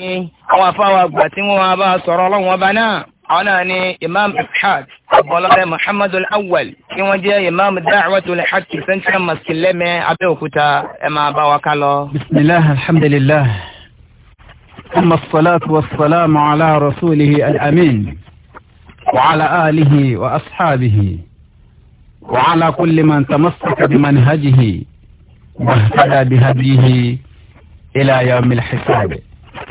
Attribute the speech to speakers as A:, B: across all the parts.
A: ní àwọn afáwà gbà tí wọ́n bá sọ̀rọ̀ ọlọ́run ọba náà àwọn náà ni imam ibhad abọ́lọ́dẹ muhammadu awwal tí wọ́n jẹ́ imam da'watul haqq central mosque lẹ́mẹ́ abẹ́òkúta ẹ máa bá wa ká lọ. bisimilah alhamdulillah amma salatu wa salamu ala rasulihi al-amin wa ala alihi wa ashabihi wa ala kulli man tamassaka bi manhajihi wa ihtada bi hadihi ila yawmil hisabi.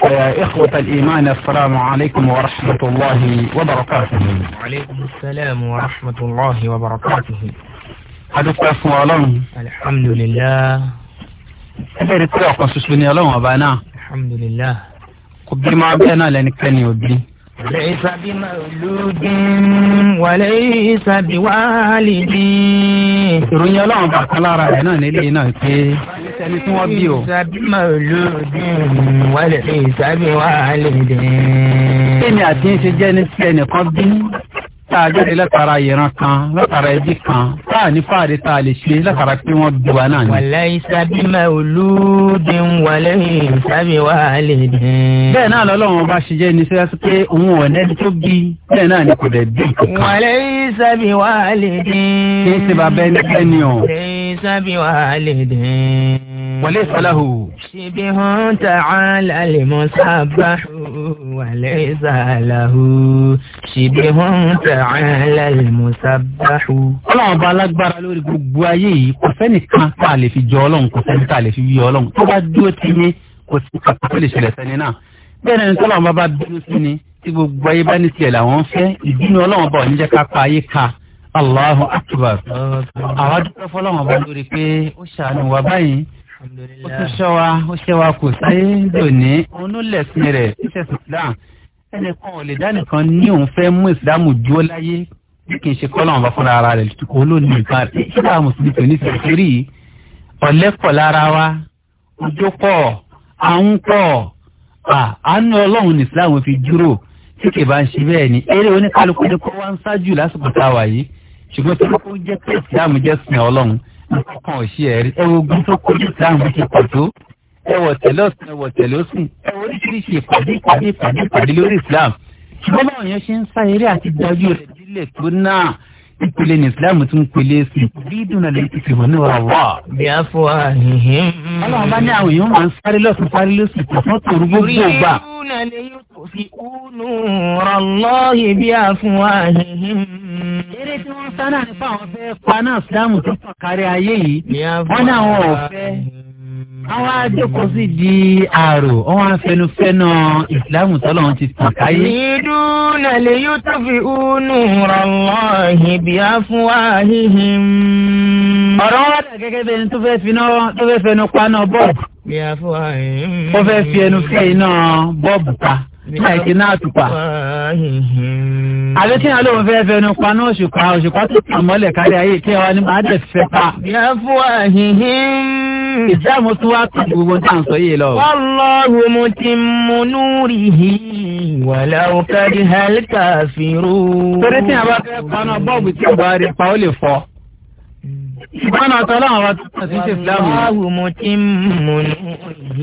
A: يا إخوة الإيمان السلام عليكم ورحمة الله وبركاته وعليكم السلام ورحمة الله وبركاته حدث أسمع الحمد لله أبير تلعق سسبني لهم أبانا الحمد لله قبل ما أبانا لأنك تاني وبي ليس بمولود وليس بوالدي ìròyìn ọlọ́run bàtà lára ẹ̀ ẹni tí wọ́n bí o. ìsàbímọ olóde wálé ìsàbí wálé dé. kíni àti ń ṣe jẹ́ ní tí ẹnìkan bí tá a jáde látara ìran kan látara ẹbí kan tá a ní fáàrí tá a lè ṣe látara pé wọ́n bí wa náà ni. wàlẹ́ ìsàbímọ olóde wálé ìsàbí wálé dé. bẹ́ẹ̀ náà lọ́lọ́run bá ṣe jẹ́ ní sẹ́yà pé òun ò nẹ́ni tó bí bẹ́ẹ̀ náà ni kò dẹ̀ bí kankan. wàlẹ́ ìsàbí wálé dé. kí n ṣe bàbá ẹnikẹ́ni o wàlẹ́ ìsàláhù. ṣíbi hàn tàcálà lè mọ sábàáhù wàlẹ́ ìsàláhù ṣíbi hàn tàcálà lè mọ sábàáhù. ọlọ́run bá alágbára lórí gbogbo ayé yìí kò sẹ́nìkan tá a lè fi jọ ọlọ́run kò sẹ́ni tá a lè fi wí ọlọ́run tó bá dúró ti ní kò sí kàkà tó lè ṣẹlẹ̀ sẹ́ni náà bẹ́ẹ̀ ni tọ́lọ́run bá bá bínú sí ni tí gbogbo ayé bá ní tiẹ̀ làwọn fẹ́ ìdúnú ọlọ́run bá ò jẹ́ ká pa ayé ka Allahu akbar. àwa dúpẹ́ fọlọ́wọ́n bá lórí pé ó ṣàánú wa báyìí o tún ṣọ́ wa ó ṣe wa kò sáyé lónìí òun ló lẹ̀sìn rẹ̀ ṣẹ̀ṣẹ̀ islam ẹnìkan ò lè dá nìkan ní òun fẹ́ mú ìsìlámù dúró láyé bí kì í ṣe kọ́ lọ́wọ́n bá fúnra ara rẹ̀ kó ló ní nǹkan rẹ̀ ṣíkà mùsùlùmí tó ní sẹ́kírì ọ̀lẹ́pọ̀ lára wa ojú pọ̀ àwọn pọ̀ àánú ọlọ́run ní islam fi dúró tí kì bá ń ṣe bẹ́ẹ̀ ni eré oníkálukú ni kó wá ń ṣáájú lásìkò táwa yìí ṣùgbọ́n tí kò jẹ́ pé islam jẹ́ sìn ọlọ́run nǹkan ọ̀ṣẹ́ ẹ̀rí ẹ̀wọ̀ ogun tó kó ní ìsáàmù ti pọ̀ tó ẹ̀wọ̀ tẹ̀lé ọ̀sán ẹ̀wọ̀ tẹ̀lé ọ̀sùn ẹ̀wọ̀ oríṣiríṣi ìpàdé ìpàdé ìpàdé ìpàdé lórí Islam ṣùgbọ́n báwọn yẹn ṣe ń sá eré àti dájú rẹ̀ dílẹ̀ tó náà ìpele ní Islam tó ń pele sí bí ìdùnnà lè ti fìbọn ní ọ̀rọ̀ wà. bí a fọ àhìhìn. ọlọ́run bá ní àwọn èèyàn máa ń sáré lọ́sùn sáré lọ́sùn kò fún tòru gbogbo ìgbà. orí pátá náà nípa àwọn fẹ́ paná ìsìlámù tó kàn kárí ayé yìí wọ́n ní àwọn ọ̀fẹ́ hmm. àwọn àjòkó sì di àrò àwọn afẹnufẹ́nà ìsìlámù tọ́lọ̀ ti tàn káyé. ìdúnà lè yóò tó fi únú rànlọ́ ìbí afúnwáhíhìm. ọ̀rọ̀ wọn dà gẹ́gẹ́ bẹ́ẹ̀ ni tó fẹ́ finá tó fẹ́ fẹnu paná bọ́ọ̀bù. ó fẹ́ fi ẹnu fẹ́ iná bọ́ọ̀bù pa bí àìsí náà tùpà. àbí kí ni alóhùn fẹ́ fẹ́ nu pa náà òṣùpá òṣùpá tó tà mọ́lẹ̀ kárí ayé kí wa ní máa dẹ̀ fẹ́ pa. yẹ fún àhìhìn ìsìláàmù tún wá tún gbogbo tá à ń sọ yìí lọ. Wallahu mutimmu nurihi walau kariha al-kafirun. torí tí a bá fẹ́ paná bọ́ọ̀bù tí a bá pa ó lè fọ́. سبحانه وتعالى والله متم نوره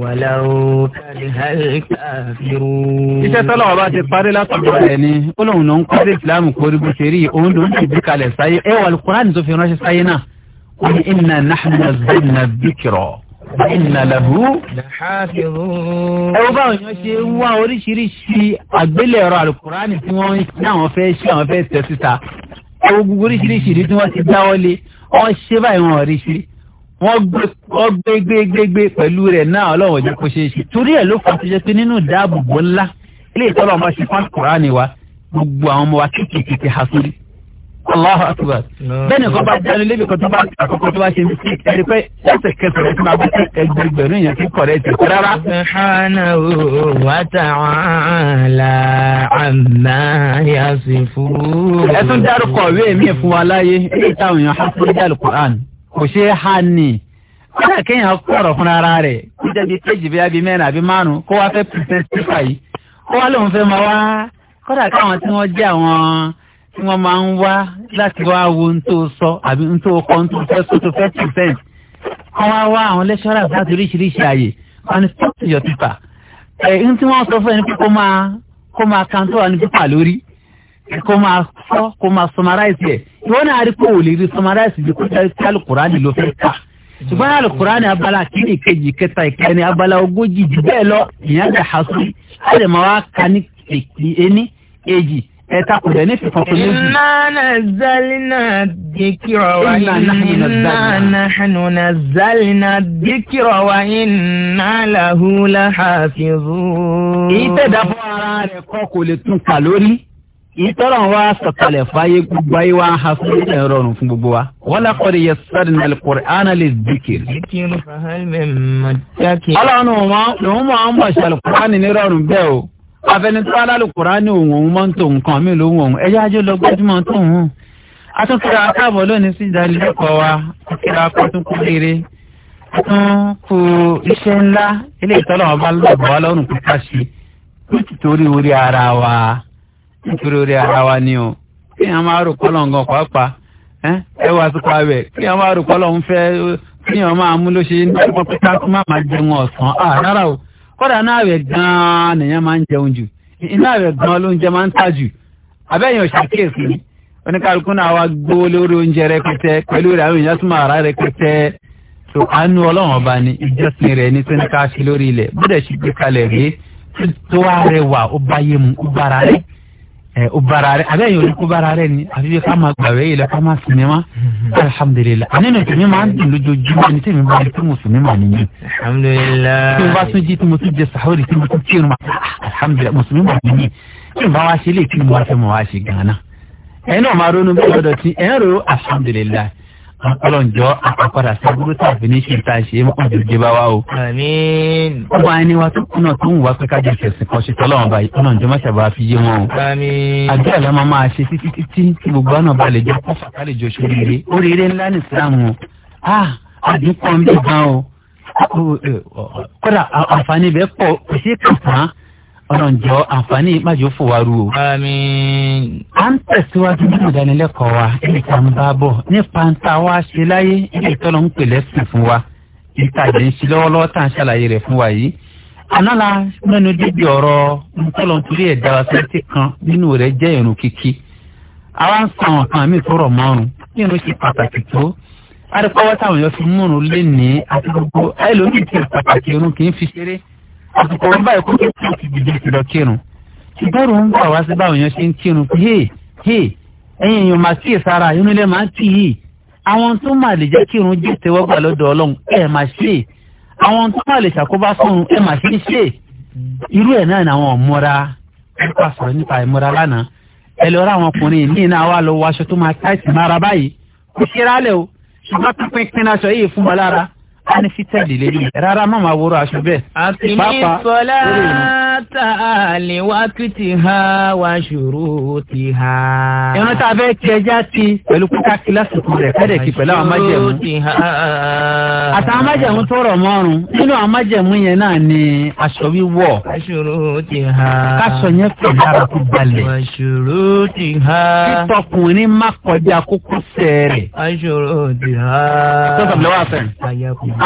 A: ولو كره الكافرون iṣẹ́ tọ́lọ̀ ọba ti parí látọ̀dọ̀ rẹ̀ ni ó lóun ló ń kọ́ sí ìsìlámù kórí bó ṣe rí i òun ló ń ti dìkalẹ̀ sáyé ẹ wà lùkùránì tó fi ránṣẹ́ sáyé náà ó ní inna nahnu nazzalna dhikra wa inna lahu lahafizun. ẹ wo báwọn èèyàn ṣe ń wá oríṣiríṣi àgbélẹ̀rọ àlùkùránì tí wọ́n ń ṣe àwọn fẹ́ ṣe àwọn fẹ́ tẹ̀ síta ẹwọ gbogbo oríṣiríṣi ìdí tí wọ́n ti dáwọ́ lé wọ́n ṣe báyìí wọn rí sí wọ́n gbé gbé gbé gbé pẹ̀lú rẹ̀ náà ọlọ́run ọjọ́ kó ṣeé ṣe torí ẹ̀ ló fà tó jẹ́ pé nínú ìdáàbòbò ńlá ilé ìtọ́lọ́ ọmọ ṣe fún wa gbogbo àwọn ọmọ wa kékeré ha sórí Allahu akbar. Bẹ́ẹ̀ni kan bá jáde lébi kan tó bá àkọ́kọ́ tó bá ṣe mí sí ẹni pé ẹsẹ̀ kẹsàn-án ẹ̀sìn máa bá ẹgbẹ̀rún yẹn kí kọ̀rẹ́ ti kú rárá. Subhanahu wa ta'ala amma yasifun. Ẹ tún dárúkọ ìwé mi fún wa láyé èyí táwọn èèyàn há sí ìdá Al-Qur'an. Kò ṣeé há ni. Kódà kéèyàn kọ̀rọ̀ fún ara rẹ̀ kó jẹ́bi kéjì bí abí mẹ́rin àbí márùn-ún kó wá fẹ́ pìtẹ́ sífà yìí. Kó wá lóun fẹ́ máa wá kódà káwọn tí tí wọ́n máa ń wá láti wá wo ohun tó sọ àbí ohun tó kọ́ ohun tó fẹ́ sọ tó percent wọ́n wá wá àwọn lecturers láti oríṣiríṣi àyè wọ́n ní stop to your paper ẹ̀ ohun tí wọ́n sọ fún ẹni pé kó máa kó máa kan tó wà ní pípà lórí kó máa sọ kó máa summarize ẹ̀ ìwọ náà rí pé ò lè rí summarize bí kó sáré sí ló fẹ́ kà ṣùgbọ́n alukurani abala kìíní kejì kẹta ìkẹni abala ogójì jù bẹ́ẹ̀ lọ ìyẹn àgbà hasu á lè máa ẹni èjì ẹ̀ta kò dẹ̀ ní fífọ́ tó méjì. iná náà zálí náà dìkìrọ̀ wá iná náà zálí náà dìkìrọ̀ wá iná làhùlà hàfìzù. èyí tẹ̀dá fún ara rẹ̀ kọ́ kò lè tún kà lórí ìtọ́rọ̀ wa sọ̀kalẹ̀ fàyè gbogbo ayé wa ha fún ìtẹ̀ rọrùn fún gbogbo wa. wọ́n lakọ̀dé yẹ sáré nàlẹ́ kọ̀rẹ́ ánálẹ̀ zikiri. ọlọ́run wọn lòun máa ń bọ̀ ṣàlùkùránì ní rọrùn bẹ́ẹ̀ o afẹnitọ́ alálùkùrá ní òun òun máa ń tó nǹkan mi ló ń wọ̀n ẹ̀yà ajé lọ gbajúmọ̀ tó ń hàn. atúnkìrà akáàbọ̀ lónìí sí ìdánilẹ́kọ̀ọ́ wa kíra akọ́túnkù rere tún kú iṣẹ́ ńlá ilé ìtọ́lọ̀ ọba lọ́gbọ̀ wa lọ́rùn pípa sí nítorí orí ara wa nítorí orí ara wa ni o kí ni a máa rò kọ́lọ̀ nǹkan pàápàá ẹ wá sí pa bẹ̀ kí ni a máa rò kọ́lọ̀ ń kí ni a máa mú ló ṣe ní pípa tó má máa jẹun ọ̀sán kódà náà rẹ̀ gan-an nìyẹn máa ń jẹun jù iná rẹ̀ gan-an ló ń jẹ máa ń tà jù abẹ́yẹn òṣàkíyèsí ni oníkálukú náà wá gbówó lórí oúnjẹ rẹpẹtẹ pẹ̀lú rẹ̀ àwọn èèyàn súnmọ́ ara rẹpẹtẹ tó àánú ọlọ́run ọba ni ìjọsìn rẹ̀ ní tó ní ká ṣe lórí ilẹ̀ bó dẹ̀ ṣe gbé kalẹ̀ rèé tó wá rẹwà ó báyé mu ó bára rẹ̀ ẹ eh, o bara rẹ abe yòó ko bara rẹ ni àfi bí ká ma gbàwé yìí lọ ká ma sinmi ma mm-hmm. alihamudulilayi ani ní tèmi ma ń tún lójoojúmọ́ ní tèmi ma ní tí mo sinmi ma nìyẹn. alihamudulilayi tí mo bá sún jí tí mo tún jẹ sahori tí mo tún ma ah, alihamudulilayi mo sinmi ma nìyẹn tí mo bá wá ṣe lè kí ni mo wá fẹ́ mo wá ṣe gánà. ẹ náà ma ronú bí ọdọ tí ẹ ń ro alihamudulilayi ọlọ́njọ́ àpapàdà sábúrú tàbí ní ṣe tá a ṣe mọ́ òjòjì wa o. ó wá ẹni wa tó kùnà tó ń wá pé kájọ ìṣẹ̀sìn kan ṣe tọ́lọ́wọ́n báyìí ọlọ́njọ́ má ṣàbá fi yé wọn o. àmín. àdúrà la máa ṣe títí títí tí gbogbo àná ba lè jọ kọ́fà ká lè jọ ṣe oríire oríire ńlá ní Islam o. a ah, àdínkù ọ̀nbí gan o. Ah, kódà àǹfààní bẹ́ẹ̀ pọ̀ kò ọlọ́njọ́ àǹfààní májò fò wá rú o. àmín. à ń tẹ̀síwájú nínú ìdánilẹ́kọ̀ọ́ wa nípa ń bá bọ̀ nípa ń ta wá ṣe láyé ilé ìtọ́nà ń pè lẹ́sìn fún wa níta ìdè ń ṣe lọ́wọ́lọ́wọ́ tá à ń ṣàlàyé rẹ̀ fún wa yìí. àná la mẹ́nu débi ọ̀rọ̀ ntọ́lọ́ nítorí ẹ̀dá wa sẹ́ńtì kan nínú rẹ̀ jẹ́ irun kíkí. àwa ń san ọ̀kan mi tó rọ̀ márùn irun ṣe pàtàkì tó arípáwọ́ táwọn èèyàn fi múrun lé ní àti gbogbo ẹlòmíì ti pàtàkì irun kì í fi ṣeré àsìkò wọn báyìí kó kékeré ti dìde ti lọ kírun ìgbọ́rò ń gbà wá sí báwọn èèyàn ṣe ń kírun pé hey hey ẹ̀yin èèyàn máa tíì sára inú ilé máa ń tì í àwọn tó máa lè jẹ́ kírun jẹ́ tẹ́wọ́gbà lọ́dọ̀ ọlọ́run ẹ̀ máa ṣe àwọn tó máa lè ṣàkóbá sọ̀run ẹ̀ máa ṣe ṣe irú ẹ̀ náà ni àwọn ọ̀mọ́ra nípa sọ̀rọ̀ nípa ìmúra lánàá ẹ lọ rá àwọn ọkùnrin míì náà wà lọ wọ aṣọ tó máa táìsì mára báyìí kò ṣe rálẹ̀ o ṣùgbọ́n pínpín aṣọ yìí fún wa lára a ní fítẹ́ẹ̀lì lélẹ̀ rárá má máa wúrọ̀ aṣọ bẹ́ẹ̀. àfìní sọlá mata liwakiti ha wa shuruti ha. ìran tá a fẹ́ kí ẹja ti pẹ̀lú pípa kílásìkò rẹ̀ fẹ́rẹ̀ kí pẹ̀lú àwọn májẹ̀mú. àtàwọn májẹ̀mú tó rọ̀ mọ́rùn nínú àwọn májẹ̀mú yẹn náà ni aṣọ wíwọ̀. shuruti ha. káṣọ yẹn pè dára kó balẹ̀. shuruti ha. títọkùnrin má kọjá kókó sẹ́ẹ̀rẹ̀. shuruti ha. tó sọ̀rọ̀ lọ́wọ́ àfẹ́.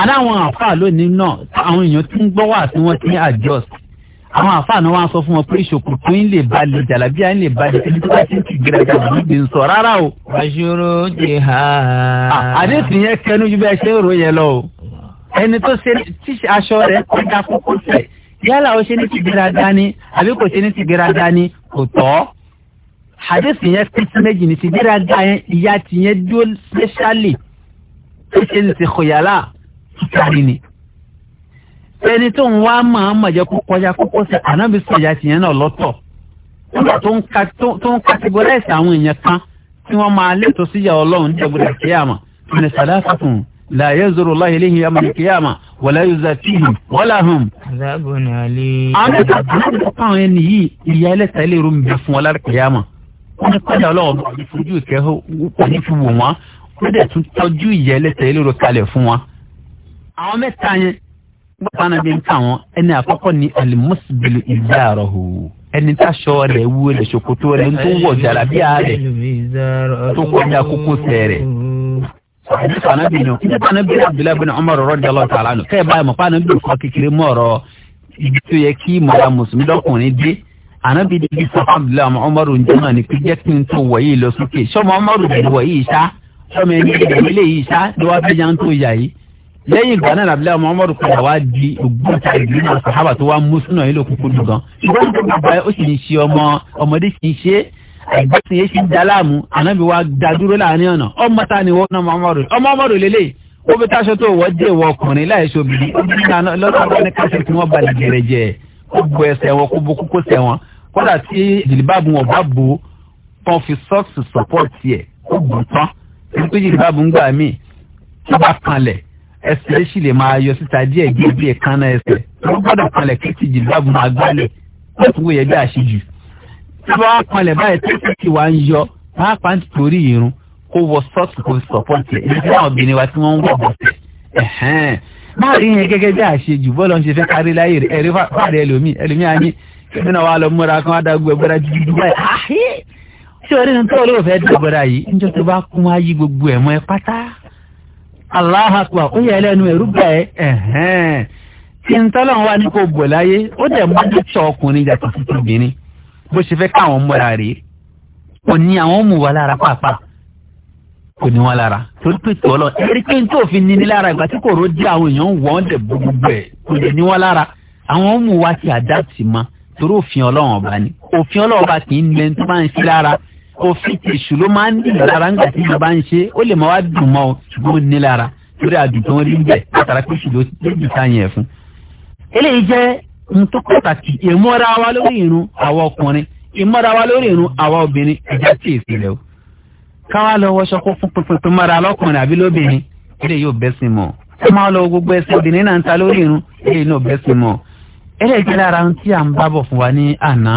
A: àná àwọn lónìí náà àwọn èèyàn ti ń gbọ́ wà tí wọ́n ti ń adjust àwọn àfààní wọn sọ fún wọn pé ìṣòkòtò ń lè balẹ̀ jàlábí à ń lè balẹ̀ ẹni tó bá ti ń ti gẹ̀rẹ́ jàlábí gbé ń sọ rárá o. aṣọ́rò ti hà. àdéhùn yẹn kẹnu ju bí ẹ ṣe ń rò yẹn lọ o ẹni tó ṣe tíṣe aṣọ rẹ̀ kọjá kókó tẹ̀ yálà ó ṣe ní ti gbéra dání àbí kò ṣe ní ti gbéra dání kò tọ́ àdéhùn yẹn pín sí méjì ní ti gbéra dá yẹn ìyá ti dúró specially ó ṣe ní ti kòyàlà kíkárí ni ẹni tó ń wá máa ń mọ̀jẹ́ kó kọjá kókó sí ànábì sọ̀yà tìyẹn náà lọ́tọ̀ nígbà tó ń categorize àwọn èèyàn kan tí wọ́n máa lẹ́tọ̀ síyà ọlọ́run ní ẹ̀gbọ́dọ̀ kíyàmà ní sàdáfà fún la yazuru Allah ilayhi yawm al-qiyamah wa la yuzakihim wa lahum. azabun alim. àwọn ẹ̀ka àwọn àwọn ẹni yìí ìyá ẹlẹ́ta ilé ìrú mi fún ọlá kíyàmà wọ́n ní padà ọlọ́run bá fojú ìkẹ́ gbọ́dọ̀ bí n kà wọ́n ẹni àkọ́kọ́ ni alimusibili ìdáàrọ̀ hù ẹni táṣọ rẹ̀ wúwo rẹ̀ ṣòkòtò rẹ̀ tó wọ̀ jàlábíà rẹ̀ tó kọjá kókó sẹ̀rẹ̀ àdìsọ anabi nù nípa anabi abdullahi bin umar radiyallahu ta'ala nù kẹ́ ẹ̀ báyìí mọ̀ fún anabi kọ́ kékeré mọ̀ ọ̀rọ̀ ibi tó yẹ kí mọ̀ra mùsùlùmí dọ́kùnrin dé anabi dèbí sọ abdullahi ọmọ umaru njẹ́mà ní pé jẹ́ kí n tó wọ̀ yìí lọ sókè sọmọ umaru dèbí wọ̀ yìí sá sọmọ ẹni dèbí lè yìí sá lọ́wọ́ fi lẹ́yìn ìgbà náà nàbílẹ̀ muhammadu padà wá di ògbóǹta ìlú náà sàhábà tó wá mú súnà yìí lókùnkùn dùn gan. ṣùgbọ́n tó gbà ó sì ń ṣe ọmọ ọmọdé sì ń ṣe àgbàsìn yẹn sì ń daláàmú ànábi wa da dúró láàrin ọ̀nà ọmọ ta ni wọ́n náà muhammadu ọmọ muhammadu lélẹ̀ ó fi táṣọ tó wọ́ dé wọ ọkùnrin láìsọ obìnrin lọ́sọ̀rọ̀ ní káṣí tí wọ́n balẹ̀ jẹrẹ jẹ kó gbọ ẹsẹ̀ wọn kó bo kókó sẹ̀ wọn kódà tí jìlìbáàbù wọn bá bo kan fi sọ́ọ̀sì sọ́pọ̀tì ẹ̀ wọ́n bá ẹsẹ̀ sì lè máa yọ síta díẹ̀ díẹ̀ díẹ̀ kan náà ẹsẹ̀ wọ́n gbọ́dọ̀ kanlẹ̀ kí tìjì dáàbò máa gbálẹ̀ wọ́n tún wòye bí àṣejù tí wọ́n á kanlẹ̀ báyìí tẹ́tẹ́ tí wàá ń yọ pàápàá ń torí irun kó wọ sọ́ọ̀tù kó sọ̀pọ̀tì ẹ̀ ní àwọn obìnrin wa tí wọ́n ń wọ̀ bọ̀tẹ̀ ẹ̀hẹ́n má rí yẹn gẹ́gẹ́ bí àṣejù bọ́ọ̀lù ń ṣe fẹ́ kárí láyé rẹ̀ ẹ̀rí fàdé ẹlòmíì ẹlòmíì àní kẹ́mínà wa lọ múra kan adágún ẹgbẹ́ra jíjí báyìí àhí orí ni tó olóòfẹ́ dàgbẹ́ra yìí ń jọ́ tó bá kún wá gbogbo ẹ̀ mọ́ ẹ pátá aláhàtúwà ó yẹ ẹlẹ́nu ẹ̀rúgbà ẹ̀ ẹ̀hẹ́n tí n tọ́lọ̀ wa ní kò bọ̀ láyé ó dẹ̀ mọ́jú tọ ọkùnrin yàtọ̀ tuntun obìnrin bó ṣe fẹ́ káwọn mọ́ra rèé kò ní àwọn mú wa lára pàápàá kò ní wọn lára torí pé tọ́lọ̀ ẹ̀rí pé n tó fi ní ní lára ìgbà tí kò ró dé àwọn èèyàn wọ́n dẹ̀ gbogbo ẹ̀ kò dẹ̀ ní wọn lára àwọn mú wa ti àdáàtì mọ́ torí òfin ọlọ́run ọba ni òfin ọlọ́run ọba kì í lẹ́ni bá ń ṣe lára òfin tèṣù ló máa ń dìyàn lára ńgbà tí ìjọba ń ṣe ó lè máa wá dùn mọ́ ọ ṣùgbọ́n ó ní lára lórí àdùn tó ń rí bẹ̀ látara pé ṣùgbọ́n ó dùn sáyẹn ẹ̀ fún. eléyìí jẹ́ ohun tó pàtàkì ìmọ̀ra wa lórí irun àwa ọkùnrin ìmọ̀ra wa lórí irun àwa obìnrin ẹ̀já tí èsì rẹ̀ o. káwá lọ wọṣọ kó fún pínpín tó mọ́ra lọ́kùnrin àbí lóbìnrin eléyìí ò bẹ́ sí mọ́ ẹ máa lọ gbogbo ẹsẹ̀ obìnrin náà ń ta lórí irun eléyìí náà bẹ́ sí mọ́ eléyìí jẹ́ lára ohun tí à ń bábọ̀ fún wa ní àná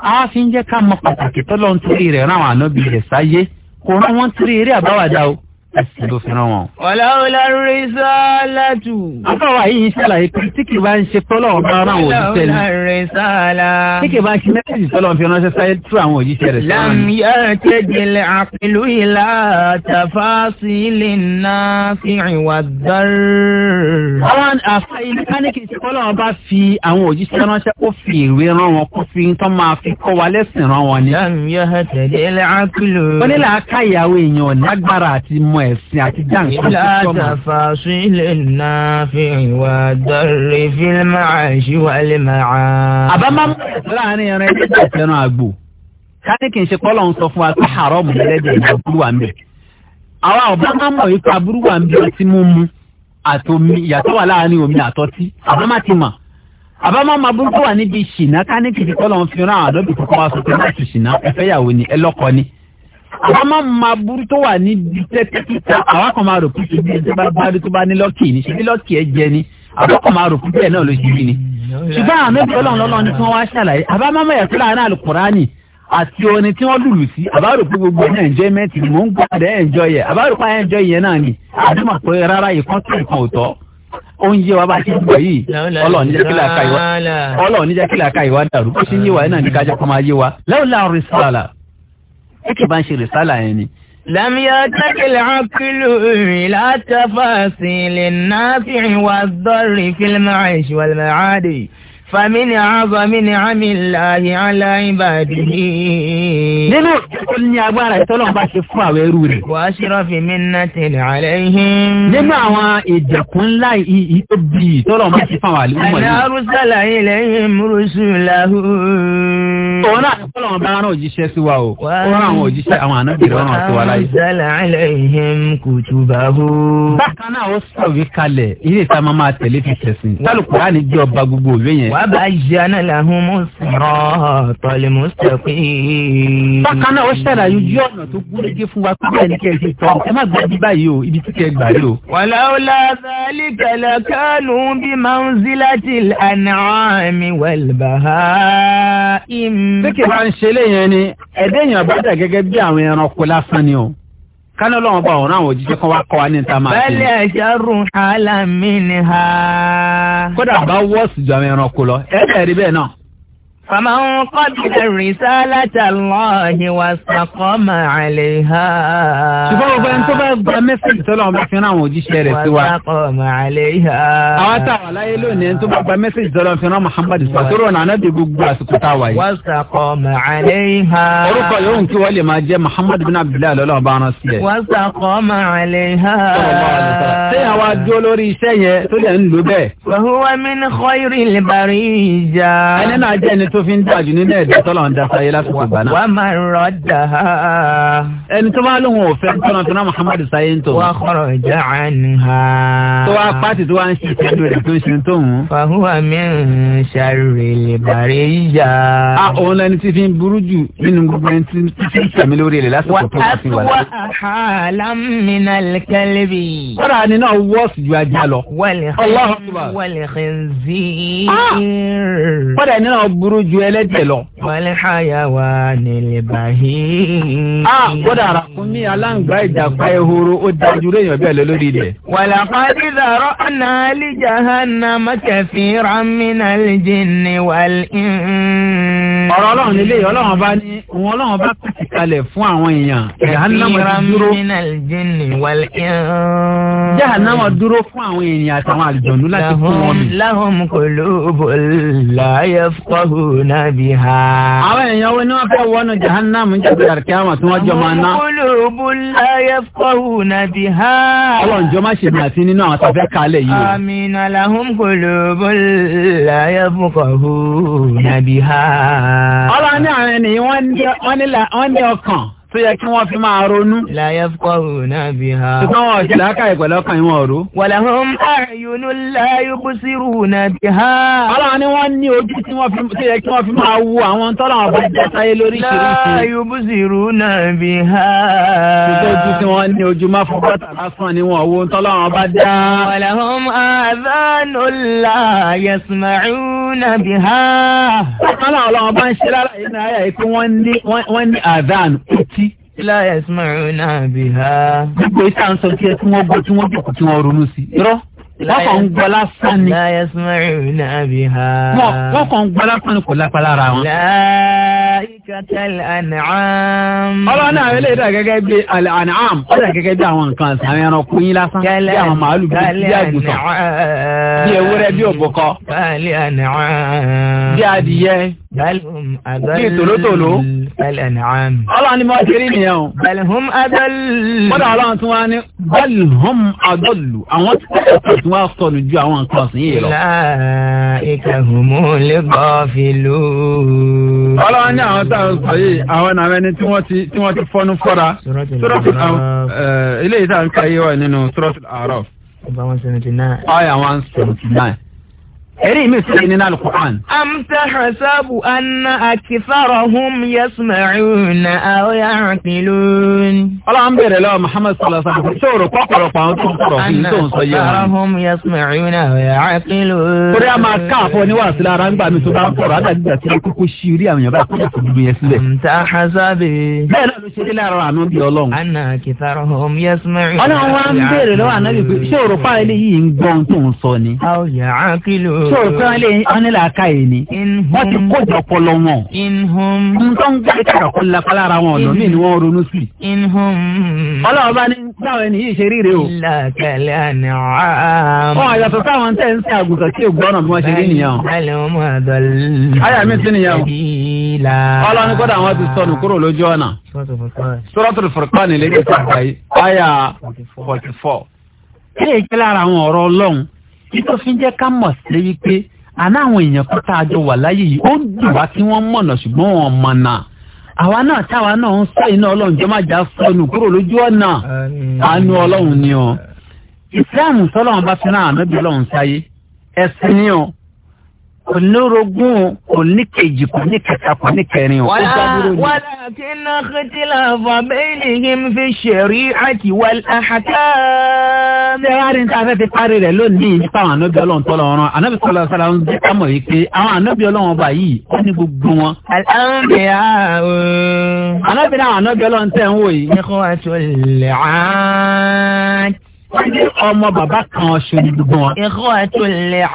A: a fi ń jẹ́ ká mọ pàtàkì tọ́lọ́ ń torí rẹ̀ ráwọn ànábì rẹ̀ sáyé kò rán wọ́n torí eré àbáwádà o ló fi ràn wọn. ọ̀làwọ̀lá rìsálàtù. afọwọ́ yìí ṣàlàyé pé tí kì bá ń ṣe tọ́lọ̀ ọba ara àwọn òjíṣẹ́ ni. ọ̀làwọ̀lá rìsálà. tí kì bá ń ṣe mẹ́tẹ̀ẹ̀sì tọ́lọ̀ fi ránṣẹ́ sáyé tú àwọn òjíṣẹ́ rẹ̀ sọ́run. làmìyà tẹ̀jẹ̀lẹ̀ àpèlú ìlà tàfàṣìlì náà fi ìwà dárẹ́. àwọn àfáyín mẹkáníkì ṣe tọ́lọ̀ ọba fi àwọn òjíṣẹ́ àwọn ẹ̀sìn àti jàǹkà tó sọmọ. ìlà àtàfàṣù ilẹ̀ náà fi ìwà dọ́rẹ̀ fílmà àṣìwà lè máa. àbá máa ń bẹ̀rẹ̀ láàrin àgbò káni kì í ṣe pọ́lọ̀ ń sọ fún wa pé àárọ̀ mú lẹ́dẹ̀ ìdàbúrú wa ń bẹ̀. àwa ọ̀bá mọ̀ wípé aburú wa ń bí ọtí mú mu àtomi ìyàtọ̀ wà láàrin omi àtọ́tí àbá ti mọ̀ àbámọ́ máa burúkú wà níbi ṣìnà káníkì tí kọ́lọ́ ń fi rán àdóbi kọ́kọ́ wá sọ pé má àwọn máa ma burú tó wà ní tẹ́tẹ́ títà àwọn kan máa rò pé ṣe bí bá gbádùn tó bá ní lọ́ọ̀kì ní ṣe bí lọ́ọ̀kì ẹ jẹ ni àwọn kan máa rò pé bẹ́ẹ̀ náà ló ṣe bí ni.
B: ṣùgbọ́n àwọn mẹ́bí ọlọ́run
A: lọ́lọ́run ni tí wọ́n wá ṣàlàyé àbámọ́mọ́ ẹ̀kọ́ láàárín àlùkùránì àti orin tí wọ́n lùlù sí àbárò pé gbogbo ẹ̀ enjoyment ni mò ń gbàdé enjoy yẹ àbárò pé enjoy yẹn náà ni àdúmọ̀ pé rárá yìí kán tó nǹkan ò tọ́ oúnjẹ wa bá ti gbọ yìí Ọlọ́run níjẹ kílà ká ìwà Ọlọ́run níjẹ kílà ká ìwà dàrú ẹ kì bá ń ṣe rìsálà yẹn ni. لم يتك العقل إلى تفاصيل النافع والضر في المعيش والمعادي fàmínì àbámínì àmìláyé aláìbàdìní. nínú ìjọ ní agbára ìtọ́lọ́run bá ṣe fún àwọn ẹrú rẹ̀. wàá ṣírọ́ fi mí ná tẹ̀lé àlẹ́ yín. nínú àwọn ìjẹ̀kùn ńlá yìí tó bá ṣe fún àwọn àlùmọ̀ yìí. ẹ̀dá rúṣàlà yìí lẹ́yìn múrùsù làhù. òun náà ìtọ́lọ́run bá rán òjíṣẹ́ sí wa o. ó rán وبين لهم الصراط المستقيم. bákan náà ó ṣàlàyé ojú ọ̀nà tó gúnrégé fún wa kúrò ní kẹ́ẹ̀sì tọ́ ẹ má gbàgbé báyìí o ibi tí kẹ́ẹ̀ gbà rí o. ولولا ذلك لكانوا بمنزلة الأنعام والبهائم. bí kìí bá ń ṣe léyìn ẹni ẹ̀dẹ́yìn àbádà gẹ́gẹ́ bí àwọn ẹranko lásán ni o kánú ọlọ́run bá ọ̀run àwọn òjíṣẹ́ kan wá kọ́ wa ní níta máa ṣe. bẹ́ẹ̀lì ẹ̀jẹ̀ rùn hàlàmì ni ha. kódà bá wọ́ọ̀sì jọ àwọn ẹranko lọ ẹ̀ẹ́dẹ̀ẹ́rì bẹ́ẹ̀ náà. فمن قبل رسالة الله واستقام عليها ṣùgbọ́n gbogbo ẹni tó bá gba mẹ́sẹ̀gì tó lọ́wọ́ fi rán àwọn òjíṣẹ́ rẹ̀ sí wa. واستقام عليها. àwa tá a wà láyé lónìí ẹni tó bá gba mẹ́sẹ̀gì tó lọ́wọ́ fi rán Muhammad sàtúrò nàánà bí gbogbo àsìkò tá a wà yìí. واستقام عليها. orúkọ yòówù kí wọ́n lè máa jẹ́ Muhammad bin Abdullahi lọ́lọ́wọ́ bá rán sílẹ̀. واستقام عليها. sẹ́yìn àwa dúró lórí iṣẹ́ yẹn tó lè ń lò bẹ́ẹ̀. وهو من خير البرية. ẹni náà jẹ́ ẹni tó tó fi ń dájú nínú ẹ̀dá tọ́lọ̀ ń dasáyé lásìkò ìgbà náà. wà á máa rọ dà á. ẹni tó bá lóun ò fẹ́ tọ́nà tó ná muhammadu sáyé ń tò. wà á kọ̀rọ̀ ìjà àánú ha. tó wá pàtì tó wá ń ṣe ìtẹ́jú rẹ̀ tó ń ṣe tó ń. fàhùwà mi ń ṣàrè lè bàrẹ̀ yíyá. a òun lẹni tí fi ń burú jù nínú gbogbo ẹni tí fi ń tẹ̀mí lórí rẹ̀ lásìkò tó wà sí wàlá. wà á ju ẹlẹ́dẹ̀ lọ. wàlẹ́ àyà wa nílẹ̀ báyìí. a kódà ara fún mi aláǹgbá ìjàpá ehoro ó dájú lẹ́yìn ọbẹ̀ lọ lórí ilẹ̀. wàlẹ́ àkọ́jú dàrọ́ ànálì jahannama kẹfì rámínà lìjìnnì wàlẹ́ ọ̀rọ̀ ọlọ́run nílé ọlọ́run bá ní òun ọlọ́run bá pèsè kalẹ̀ fún àwọn èèyàn. jahannama dúró fún àwọn èèyàn àtàwọn àlùjọ̀nú láti fún wọn mi. lahum qulubun la yafqahuna biha. àwọn èèyàn wo ni wọ́n fẹ́ wọnú jahannama ń jẹ́bi àwọn tí wọ́n jọ máa ná. qulubun la yafqahuna biha. ọlọ́run jọ má ṣe màsí nínú àwọn tó fẹ́ kalẹ̀ yìí. amina ọlọ́run ní àwọn ènìyàn wọ́n ní ọkàn tó yẹ kí wọ́n fi máa ronú. láyé fọwọ́ náà bí ha. ṣùgbọ́n wọn ṣe láàkà ìpẹ̀lẹ́ ọkàn ìwọ̀n òru. wàlàhùn àyùnú láyé kú sí rúnà bí ha. ọlọ́run ni wọ́n ní ojú tí wọ́n fi tó yẹ kí wọ́n fi máa wo àwọn tọ́lọ̀ wọn bá jẹ́ sáyé lórí ìṣiríṣi. láyé kú sí rúnà bí ha. ṣùgbọ́n ojú tí wọ́n ní ojú má fún bọ́tà lásán ni wọ́n wo tọ́lọ̀ wọn bá dá. wàlàhùn àdánù nàbì ha. Bákanáà ọlọ́run bá ń ṣe lára yìí náà yà pé wọ́n ní àdán etí. Láyà Ismail nàbì ha. Gbogbo ìta ń kí ẹ tí wọ́n gbọ́ tí wọ́n jòkó tí wọ́n ronú sí. Irọ́ wọ́n kàn ń gbọ́ lásán ni. Láyà Ismail nàbì ha. Wọ́n kàn ń gbọ́ lásán ni kò lápá lára wọn. Láyà. Ọlọ́run náà ilé ìdá gẹ́gẹ́ bí àlàáàm, ó dà gẹ́gẹ́ bí àwọn nǹkan àwọn ẹranko yín lásán, bí àwọn màálù bí àgùntàn, bí ewúrẹ́ bí òbúkọ, bí adìyẹ, bí tòlótòló. Ọlọ́run ni mo ti rí nìyẹn o. Mọ́tà ọlọ́run tún wá ní Bẹ́lìhùn Adọ́lù, àwọn tí wọ́n sọnù ju àwọn nǹkan ọ̀sìn yìí lọ. Láìka hùmú lè kọ́ fi lóò wá ní àwọn tá à ń sọ yìí àwọn náà ẹni tí wọ́n ti fọ́nú fọ́ra suratul eh, eléyìí tá à ń ka yìí wà nínú suratul A'raf. ọba one seventy nine. ọyà one seventy nine ẹ̀rí mi sí nínú alukur'an. am tahasabu anna akitharahum yasma'una aw ya'qilun. ọlọ́run bèrè lọ́wọ́ muhammad sallallahu alayhi wa sallam ṣòro kọ́kọ̀rọ̀pọ̀ àwọn tó ń sọ̀rọ̀ fún tó ń sọ yẹn. akitharahum yasma'una aw ya'qilun. kórè a máa ká àfọ wàásù lára ń gbà tó bá ń sọ̀rọ̀ àdàgbé gbà sílẹ̀ kókó sí àwọn yàrá kókó tó dúdú yẹn sílẹ̀. am tahasabi. bẹ́ẹ̀ náà ló ṣe dé lára àánú bí ọlọ́run. anna akitharahum yasma'una aw ya'qilun. ọlọ́run so fẹ́ràn lè ọ́nìlà ká yìí ni wọ́n ti kó jọ pọlọ wọn. nǹkan gbà kàkọ́ lakala ara wọn ọ̀dọ́ mi ni wọ́n ronú sí. ọlọ́wọ́ bá ní báwo ni yìí ṣe ríre o. lákàlẹ́ àná àmọ́. ọ̀ yàtọ̀ sáwọn tẹ̀ ń sin àgùntàn tí ògbọ́nà bí wọ́n ṣe rí nìyẹn o. mi sí nìyẹn ọlọ́ni kódà wọn ti sọnù kúrò lójú ọ̀nà. Suratul Furqan nítòsí jẹ́ ká mọ̀ sí i pé àná àwọn èèyàn kan tá a jọ wà láyé yìí ó dùn wá tí wọ́n mọ̀nà ṣùgbọ́n wọn mọ̀nà àwa náà táwa náà ń sọ iná ọlọ́run jẹ́ má já sọnù kúrò lójú ọ̀nà àánú ọlọ́run ni ọ ìsìláàmù sọlọ́run bá fi náà àmẹ́bí ọlọ́run sáyé ẹ̀sìn ni ọ kò ní rogún kò ní kejì kò ní kẹta kò ní kẹrin o. wàlá kí n náà kìtìlá fàbẹ́ẹ̀lì yìí fi ṣẹ̀rí àti wàlá àhàtà. ṣé wàá rí níta fẹ́ẹ́ fi parí rẹ̀ lónìí nípa àwọn anábì ọlọ́run tọ́lọ̀ ọ̀ràn anábì sọlá sọlá ń jẹ́ ká yìí pé àwọn anábì ọlọ́run ọba yìí ó ní gbogbo wọn. aláǹbẹ̀yà o. anábì náà tẹ̀ ń wò yìí. ẹ̀kọ́ àtúnlẹ̀ àti wọ́n ní ọmọ bàbá kan ṣe ní gbogbo wọn. ẹ̀kọ́ àtúnlẹ̀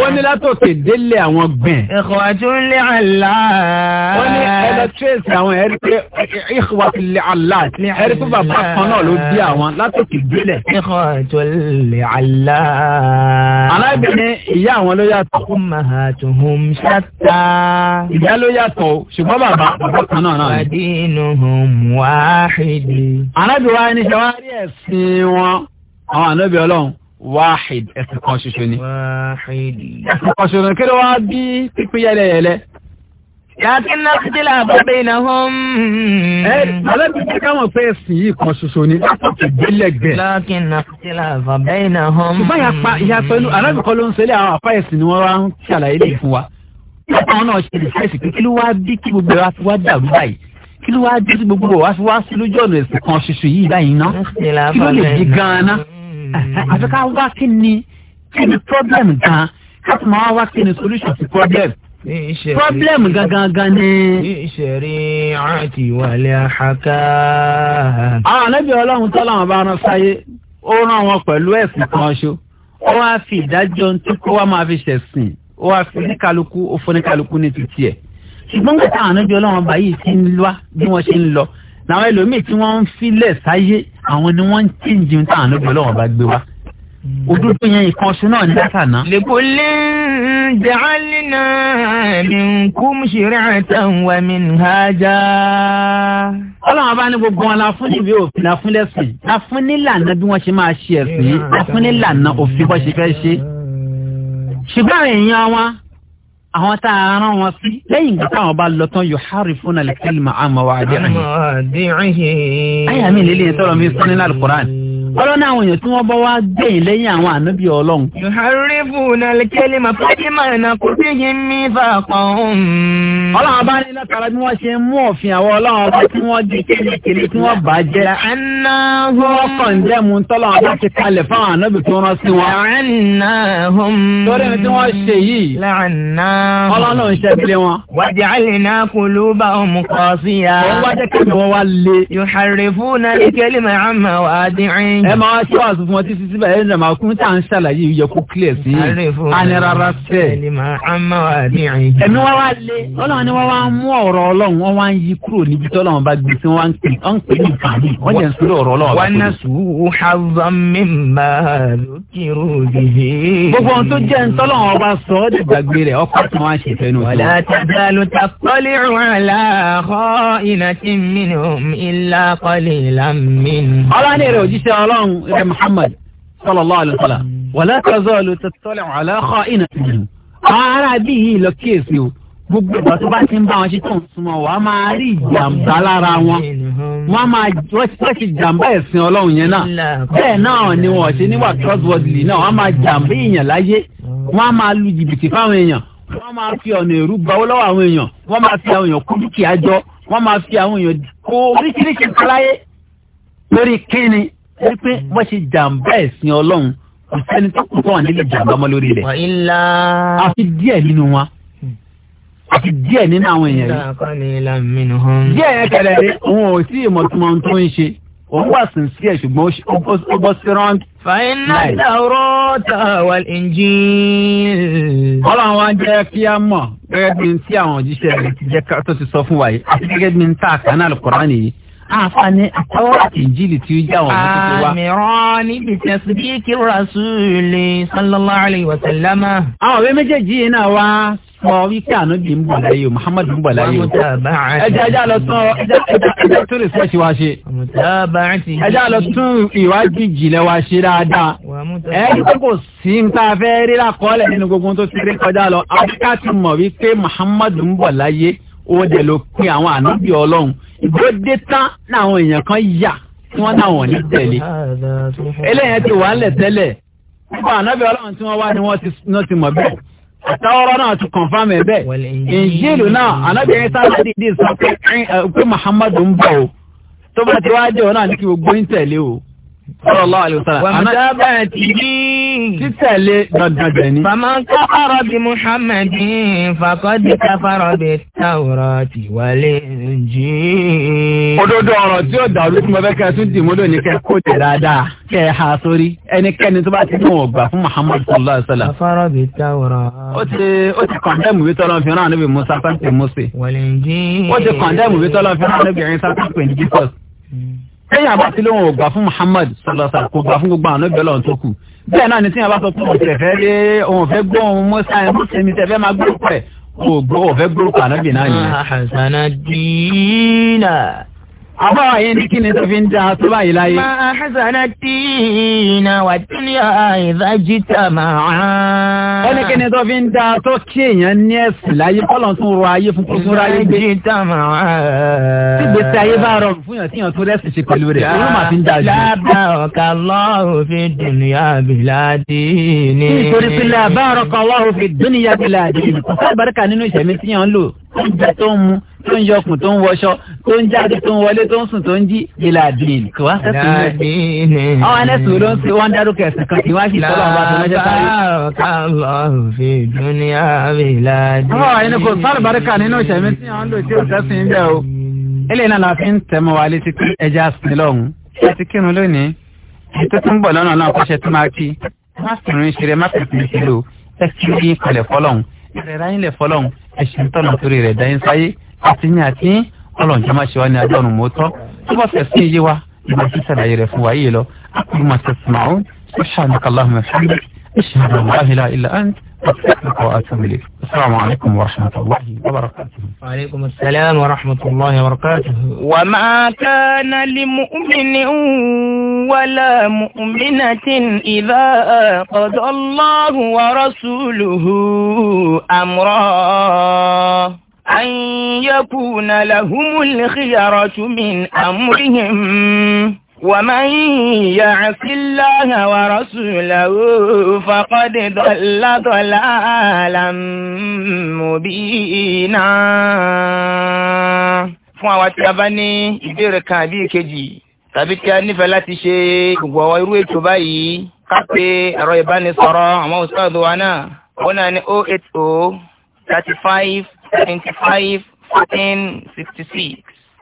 A: wọ́n ní látòkè délé àwọn gbìn. ẹ̀kọ́ àtúnlẹ̀ àlá. wọ́n ní ẹlẹ́tírísì àwọn ẹ̀rí pé àlá. ẹ̀rí bàbá kan náà ló bí àwọn látòkè délé. ẹ̀kọ́ àtúnlẹ̀ àlá. alábìnrin ìyá àwọn ló yàtọ̀. ummahatuhum shatta. ìyá ló yàtọ̀ ṣùgbọ́n bàbá bàbá kan náà náà. wa dinuhum wahid. alábìnrin wa ni ṣe wá rí ẹ̀sìn wọn àwọn ànábì ọlọ́run wáhid ẹ̀sìn kan ṣoṣo ni. ẹ̀sìn kan ṣoṣo ni kí ló wá bí pípín yẹlẹyẹlẹ. Yàtí nàkìtìlà àbábẹ́ iná hàn. Ẹ alábi tí káwọn fẹ́ sìn yìí kan ṣoṣo ni láti gbélẹ̀gbẹ̀. Láàkì nàkìtìlà àbábẹ́ iná hàn. Ṣùgbọ́n yàpá ìyàtọ̀ inú alábi kọ́ ló ń ṣẹlẹ̀ àwọn àfáà ẹ̀sìn ni wọ́n wá ń ṣàlàyé lè fún wa. Àwọn náà ṣe kí ló wáá dúró gbogbo wá sí wá sí lójú ọ̀nà ẹ̀sìn kan ṣoṣo yìí báyìí ná kí ló lè di gan-an àfi ká wá kí ni kí ni problem gan ká tó máa wá kí ni solution sí problem problem gangan gan ni. ìṣẹ̀rí àti ìwàlẹ̀ àhàká. àwọn ànábì ọlọ́run tọ́lá wọn bá rán sáyé ó rán wọn pẹ̀lú ẹ̀sìn kan ṣo ó wáá fi ìdájọ́ tó wá máa fi ṣẹ̀sìn ó wáá fi ní ó fún ní títí ẹ̀ ṣùgbọ́n gbàtà àwọn ọ̀nàbí ọlọ́wọ́n báyìí ti ń wá bí wọ́n ṣe ń lọ làwọn ẹlòmíì tí wọ́n ń filẹ̀ sáyé àwọn ni wọ́n ń tíjì tá àwọn ọ̀nàbí ọlọ́wọ́n bá gbé wá. òdodo yẹn ìkan ṣu náà ní látàná. lèkólé jàálínà minkum shir'atan wa minhaja. ọlọ́wọ́n bá ní gbogbo wọn la fún ìwé òfin la fún lẹ́sìn la fún nílànà bí wọ́n ṣe máa ṣe ẹ̀sìn la fún nílànà òfin bọ́ ṣe fẹ́ ṣe. ṣùgbọ́n èèyàn wa àwọn tá a rán wọn sí lẹ́yìn ìgbà táwọn bá lọ tán yóò hárí fún alẹ́ kẹ́lìmọ̀ àmọ́ wa àdéhùn. àyà mi lélẹ̀ sọ̀rọ̀ mi sọ́ni lálùkùránì ọlọ́ni àwọn èèyàn tí wọ́n bọ́ wá gbẹ̀yìn lẹ́yìn àwọn ànábì ọlọ́run. yòhárìbù nàlẹ́kẹ́lẹ́ máa fẹ́ẹ́ máa nà kó bí yín ní ìfàkàn. ọlọ́run bá ní látara bí wọ́n ṣe mú òfin àwọn ọlọ́run bá tí wọ́n di kékeré tí wọ́n bàjẹ́. àná wọ́n tọ́lọ́run bá ti kalẹ̀ fáwọn ànábì tó rán sí wọn. àná tí wọ́n ṣe yìí. ọlọ́run ṣe bílẹ̀ wọn ẹ máa ṣọ́ àtúntò wọn títí síbẹ̀ ẹ̀ ǹdàmà kún tá à ń ṣàlàyé yẹ kó clear sí i anirara fẹ́. ẹ̀mí wá wá lé ọlọ́run ni wọ́n wá ń mú ọ̀rọ̀ ọlọ́run wọ́n wá ń yí kúrò níbi tí ọlọ́run bá gbé sí wọ́n ń pè ní ìfàmì wọ́n jẹ́ ń sórí ọ̀rọ̀ ọlọ́run. wọn náà sùn hazan mi máa lókìrò dìde. gbogbo ohun tó jẹ́ ntọ́lọ́run ọba sọ ọ́ dìgbàgbé rẹ̀ ọkọ̀ tó máa ṣe fẹ́ nù. ọlọ́ ọlọ́run rẹ̀ Muhammad sallallahu alayhi wa sallam wala tazalu tattali'u ala kha'inatin ara bí yìí lọ kíyèsí o gbogbo ìgbà tó bá ti ń bá wọn ṣe tó ń súnmọ́ wà á máa rí ìjàmbá lára wọn wọn á máa wọ́n ti jàmbá ẹ̀sìn ọlọ́run yẹn náà bẹ́ẹ̀ náà ni wọ́n ṣe níwà trustworthy náà wọ́n á máa jàmbá èèyàn láyé wọ́n á máa lu jìbìtì fáwọn èèyàn wọ́n máa fi ọ̀nà èrú gbawó lọ́wọ́ àwọn èèyàn wọ́n máa fi àwọn èèyàn kú dúkìá jọ wọ́n máa fi àwọn èèyàn kó oríṣiríṣi kọ́láyé lórí kíni wípé wọ́n ṣe jàǹbá ẹ̀sìn ọlọ́run kò sẹ́ni tó kù fún ànílẹ̀ jàǹbá mọ́ lórí rẹ̀. àfi díẹ̀ nínú wa àfi díẹ̀ nínú àwọn èèyàn yìí. díẹ̀ yẹn kẹlẹ̀ rí òun ò sí ìmọ̀túnmọ̀ tó ń ṣe òun wà sí sí ẹ̀ ṣùgbọ́n ó bọ́ sí rán. fàyínà dàrọ́ tà wà lẹ́njì. ọlọ́run wa jẹ́ kí a mọ̀ gẹ́gẹ́ bí ti àwọn òjíṣẹ́ rẹ̀ ti jẹ́ tó ti sọ fún wa yìí àti gẹ́gẹ́ bí ta àkànnà Al-Kùránì yìí àǹfààní àtàwọn àti ìjìnlẹ̀ tí ó já wọn mọ́tò tó wá. àmìràn níbi tẹ̀sí bí kí rasúlì sallallahu alayhi wa sallam. àwọn òwe méjèèjì yìí náà wá sọ wípé ànábì ń bọ̀ láyé o muhammadu ń bọ̀ láyé o. ẹja ẹja lọ tún ẹja tún rìsẹ́ẹ̀sì wa ṣe. ẹja lọ tún ìwádìí ìjìnlẹ̀ wa ṣe dáadáa. ẹni kò sí ń tá a fẹ́ nínú gbogbo tó ti rí kọjá lọ. àbíká ti mọ̀ wípé muhammadu ń òun dẹ̀ ló pin àwọn ànábì ọlọ́run ìgbó dé tán láwọn èèyàn kan yà
B: tí wọ́n náà wọ̀n ní tẹ̀lé
A: eléyẹn ti wà ńlẹ̀ tẹ́lẹ̀ nípa ànábì ọlọ́run tí wọ́n wá ni wọ́n ti mọ̀ bẹ́ẹ̀ àtàwọ́rọ́ náà ti confam ẹ̀ bẹ́ẹ̀ ìjìlù náà ànábì ẹni sáà dídí sọ pé Muhammadu ń bọ̀ o tó bá ti wá jẹ́ òun náà ní kí gbogbo ń tẹ̀lé o. Sallallahu alaihi wasallam. Wa mutaba'atihi. Títẹ̀lé dandanjẹ ni. Faman kafara bi Muhammadin faqad kafara bi Tawrati wal Injil. Òdodo ọ̀rọ̀ tí ó dàrú tí mo fẹ́ kẹ́ tún dìmúlò ní kẹ́ kó jẹ dáadáa kẹ́ ẹ ha sórí. Ẹnikẹ́ni tó bá ti dùn ọ̀gbà fún Muhammad sallallahu alaihi wasallam. Kafara bi Tawrati. Ó ó ti Ó ti kọ̀ndẹ́mù ẹ̀yìn àbátí ló ń gbà fún Muhammad sọlọ́sà kò gbà fún gbogbo àwọn ọ̀nà ìbẹ̀lọ̀ tó kù bẹ́ẹ̀ náà ni tí yẹn bá sọ pé òun tẹ̀fẹ́ lé òun fẹ́ gbọ́ òun mọ́ sáyẹn mọ́ sẹ́mi tẹ̀fẹ́ máa gbórúkọ ẹ̀ òun fẹ́ gbórúkọ ànábì náà nìyẹn. Àbáwá yẹn ní kí ni tó fi ń da tó báyìí láyé. Máa hasana tìǹà wà tílé àìdájítà máa. Ó ní kí ni tó fi ń da tó kí èèyàn ní ẹ̀sìn láyé kọ́lọ̀ tún rọ ayé fún kúkú gbé. Ìdájítà máa. Tí gbèsè ayé bá rọrùn fún yàn tí yàn tó rẹ́sì ṣe pẹ̀lú rẹ̀, òun máa fi ń da jù. Lábà ọ̀kà lọ́hùn fi dùnìyà bìlà dìní. Nítorí sílẹ̀ àbá ọ̀kà lọ́hùn fi dùnìyà bìlà dìní tó ń yọkùn tó ń wọṣọ tó ń jáde tó ń wọlé tó ń sùn tó ń jí ìlà dín kò wá sẹ́sùn lọ. àwọn ẹlẹ́sùn ló ń ṣe wọ́n dárúkọ ẹ̀sìn kan kì í wá tọ́lọ̀ ọba tó lọ́jọ́ sáré. láàárọ̀ ká lọ fi dúnìá rè ládé. àwọn ẹni kò sáré baríkà nínú ìṣẹ̀mí tí wọ́n lò tí ó sẹ́sìn ń bẹ̀ o. eléyìí náà la fi ń tẹ̀mọ́ wa létí pé ẹja sìn ẹ ti kírun lónìí ètò àtìyìn àti ọlọ́njẹ́ máa ṣe wá ní adọ́run mọ́tọ́ tó bá fẹ́ sí iye wa ìgbà tí sàlàyé rẹ̀ fún wa yìí lọ àkùrùmọ̀ tẹ̀sán سبحانك اللهم وبحمدك اشهد ان لا اله الا انت استغفرك واتوب اليك السلام عليكم ورحمه الله وبركاته وعليكم السلام ورحمه الله وبركاته وما كان لمؤمن ولا مؤمنة إذا قضى الله ورسوله أمرا أن يكون لهم الخيرة من أمرهم ومن يعص الله ورسوله فقد ضل ضلالا مبينا fún àwa tí a bá ní ìbéèrè kan àbí ìkejì tàbí tí a nífẹ̀ẹ́ láti ṣe gbogbo àwọn irú ètò báyìí ká pe ẹ̀rọ ìbánisọ̀rọ̀ àwọn òṣèlú wa náà ó náà ní 080 35 75, 14, 66.